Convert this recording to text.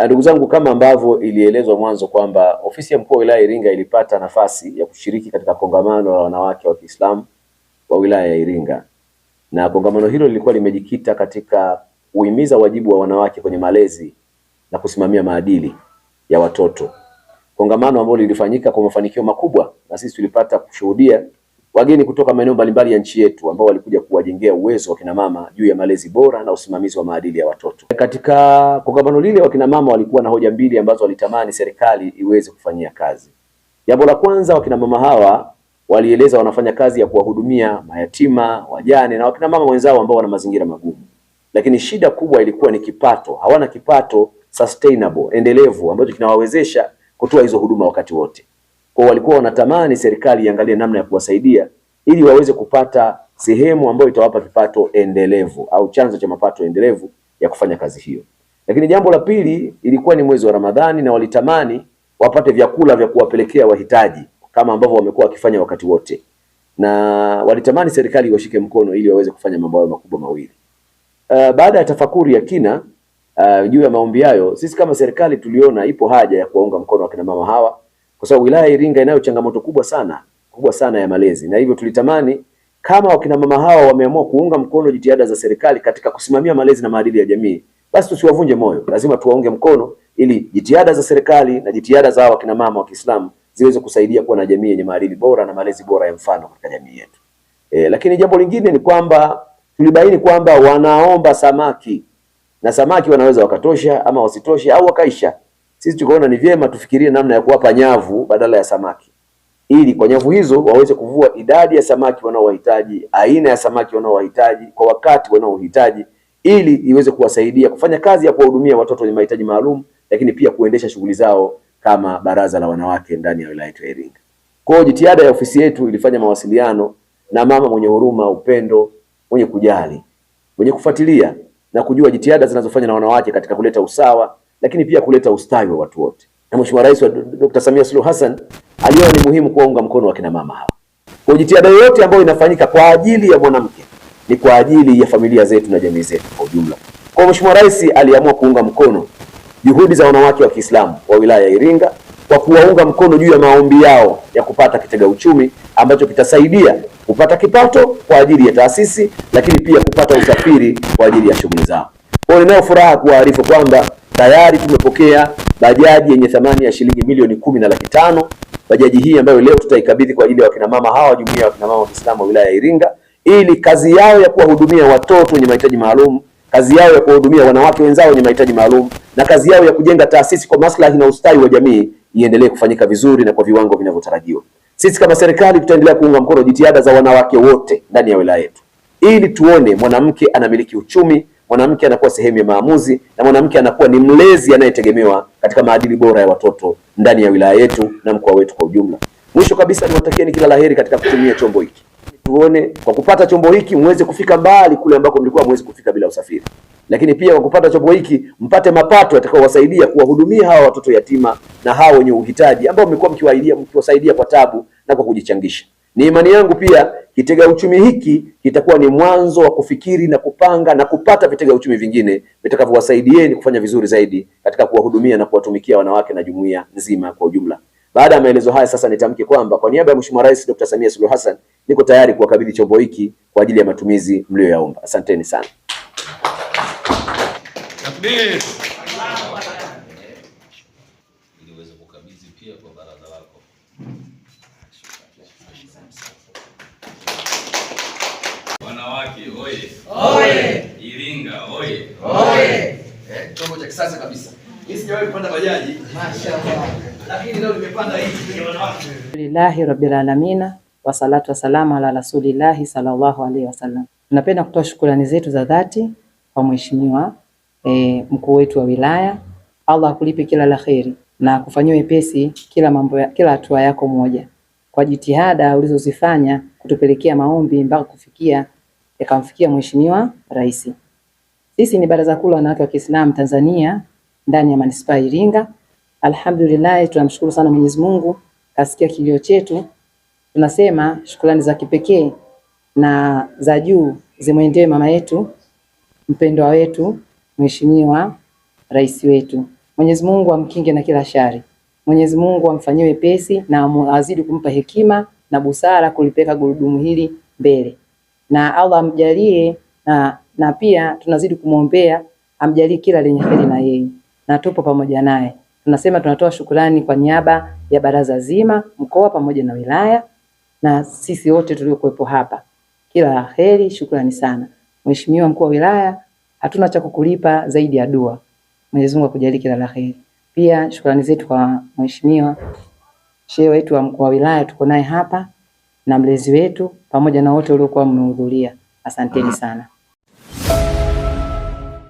Ah, ndugu zangu, kama ambavyo ilielezwa mwanzo kwamba ofisi ya mkuu wa wilaya Iringa ilipata nafasi ya kushiriki katika kongamano la wanawake wa Kiislamu wa wilaya ya Iringa, na kongamano hilo lilikuwa limejikita katika kuhimiza wajibu wa wanawake kwenye malezi na kusimamia maadili ya watoto, kongamano ambalo lilifanyika kwa mafanikio makubwa na sisi tulipata kushuhudia wageni kutoka maeneo mbalimbali ya nchi yetu ambao walikuja kuwajengea uwezo wakina mama juu ya malezi bora na usimamizi wa maadili ya watoto. Katika kongamano lile, wakina mama walikuwa na hoja mbili ambazo walitamani serikali iweze kufanyia kazi. Jambo la kwanza, wakina mama hawa walieleza wanafanya kazi ya kuwahudumia mayatima, wajane na wakina mama wenzao ambao wana mazingira magumu, lakini shida kubwa ilikuwa ni kipato. Hawana kipato sustainable endelevu ambacho kinawawezesha kutoa hizo huduma wakati wote. Kwa walikuwa wanatamani serikali iangalie namna ya kuwasaidia ili waweze kupata sehemu ambayo itawapa kipato endelevu au chanzo cha mapato endelevu ya kufanya kazi hiyo. Lakini jambo la pili, ilikuwa ni mwezi wa Ramadhani na walitamani wapate vyakula vya kuwapelekea wahitaji kama ambavyo wamekuwa wakifanya wakati wote, na walitamani serikali iwashike mkono ili waweze kufanya mambo hayo makubwa mawili. Uh, baada ya tafakuri ya kina uh, juu ya maombi hayo, sisi kama serikali tuliona ipo haja ya kuwaunga mkono wakina mama hawa kwa sababu wilaya Iringa inayo changamoto kubwa sana kubwa sana ya malezi, na hivyo tulitamani kama wakina mama hao wameamua kuunga mkono jitihada za serikali katika kusimamia malezi na maadili ya jamii, basi tusiwavunje moyo, lazima tuwaunge mkono ili jitihada za serikali na jitihada za wakina mama wa Kiislamu ziweze kusaidia kuwa na jamii yenye maadili bora na malezi bora ya mfano katika jamii yetu. E, lakini jambo lingine ni kwamba tulibaini kwamba wanaomba samaki na samaki wanaweza wakatosha ama wasitoshe au wakaisha. Sisi tukaona ni vyema tufikirie namna ya kuwapa nyavu badala ya samaki, ili kwa nyavu hizo waweze kuvua idadi ya samaki wanaowahitaji, aina ya samaki wanaowahitaji, kwa wakati wanaohitaji, ili iweze kuwasaidia kufanya kazi ya kuwahudumia watoto wenye mahitaji maalum, lakini pia kuendesha shughuli zao kama baraza la wanawake ndani ya wilaya yetu ya Iringa. Kwa hiyo jitihada ya ofisi yetu ilifanya mawasiliano na mama mwenye huruma, upendo, mwenye kujali, mwenye kufuatilia na kujua jitihada zinazofanywa na wanawake katika kuleta usawa lakini pia kuleta ustawi wa watu wote. Na Mheshimiwa Rais wa Dr. Samia Suluhu Hassan aliona ni muhimu kuwaunga mkono wa kina mama hawa. Kwa jitihada yoyote ambayo inafanyika kwa ajili ya mwanamke ni kwa ajili ya familia zetu na jamii zetu kwa ujumla. Kwa Mheshimiwa Rais aliamua kuunga mkono juhudi za wanawake wa Kiislamu wa wilaya ya Iringa kwa kuwaunga mkono juu ya maombi yao ya kupata kitega uchumi ambacho kitasaidia kupata kipato kwa ajili ya taasisi, lakini pia kupata usafiri kwa ajili ya shughuli zao. Kwa hiyo ninayo furaha kuwaarifu kwamba tayari tumepokea bajaji yenye thamani ya shilingi milioni kumi na laki tano. Bajaji hii ambayo leo tutaikabidhi kwa ajili ya mama hawa jumuiya ya mama wa Kiislamu wa wilaya ya Iringa, ili kazi yao ya kuwahudumia watoto wenye mahitaji maalum, kazi yao ya kuwahudumia wanawake wenzao wenye mahitaji maalum, na kazi yao ya kujenga taasisi kwa maslahi na ustawi wa jamii iendelee kufanyika vizuri na kwa viwango vinavyotarajiwa. Sisi kama serikali tutaendelea kuunga mkono jitihada za wanawake wote ndani ya wilaya yetu, ili tuone mwanamke anamiliki uchumi mwanamke anakuwa sehemu ya maamuzi na mwanamke anakuwa ni mlezi anayetegemewa katika maadili bora ya watoto ndani ya wilaya yetu na mkoa wetu kwa ujumla. Mwisho kabisa, niwatakieni kila laheri katika kutumia chombo hiki. Tuone kwa kupata chombo hiki mweze kufika mbali kule ambako mlikuwa mwezi kufika bila usafiri, lakini pia kwa kupata chombo hiki mpate mapato yatakayowasaidia kuwahudumia hawa watoto yatima na hawa wenye uhitaji ambao mmekuwa mkiwasaidia kwa tabu na kwa kujichangisha. Ni imani yangu pia kitega uchumi hiki kitakuwa ni mwanzo wa kufikiri na kupanga na kupata vitega uchumi vingine vitakavyowasaidieni kufanya vizuri zaidi katika kuwahudumia na kuwatumikia wanawake na jumuiya nzima kwa ujumla. Baada ya maelezo haya, sasa nitamke kwamba kwa niaba ya Mheshimiwa Rais Dr. Samia Suluhu Hassan niko tayari kuwakabidhi chombo hiki kwa ajili ya matumizi mliyoyaomba. Asanteni sana. oye! Oye! Iringa oye! Oye! Eh, chombo cha kisasa kabisa. Mimi sijawahi kupanda bajaji. Mashaallah. Lakini leo nimepanda hii wanawake. Alhamdulillahi rabbil alamin wa salatu wassalamu ala rasulillahi sallallahu alaihi wasallam. Tunapenda kutoa shukrani zetu za dhati kwa mheshimiwa e, mkuu wetu wa wilaya. Allah akulipe kila la kheri na akufanyie wepesi kila mambo ya, kila hatua yako moja kwa jitihada ulizozifanya kutupelekea maombi mpaka kufikia yakamfikia Mheshimiwa Rais. Sisi ni Baraza Kuu la Wanawake wa Kiislamu Tanzania ndani ya Manispaa Iringa. Alhamdulillah, tunamshukuru sana Mwenyezi Mungu kasikia kilio chetu. Tunasema shukrani za kipekee na za juu zimwendee mama yetu mpendwa wetu Mheshimiwa Rais wetu. Mwenyezi Mungu amkinge na kila shari. Mwenyezi Mungu amfanyie wepesi na azidi kumpa hekima na busara kulipeka gurudumu hili mbele na Allah amjalie na, na pia tunazidi kumwombea amjalie kila lenye heri na yeye na tupo pamoja naye. Tunasema tunatoa shukurani kwa niaba ya baraza zima mkoa pamoja na wilaya na sisi wote tuliokuwepo hapa, kila la heri, shukrani sana Mheshimiwa mkuu wa wilaya, hatuna cha kukulipa zaidi ya dua. Mwenyezi Mungu akujalie kila la heri. Pia shukrani zetu kwa mheshimiwa shehe wetu wa mkuu wa wilaya, tuko naye hapa na mlezi wetu pamoja na wote waliokuwa mmehudhuria. Asanteni sana.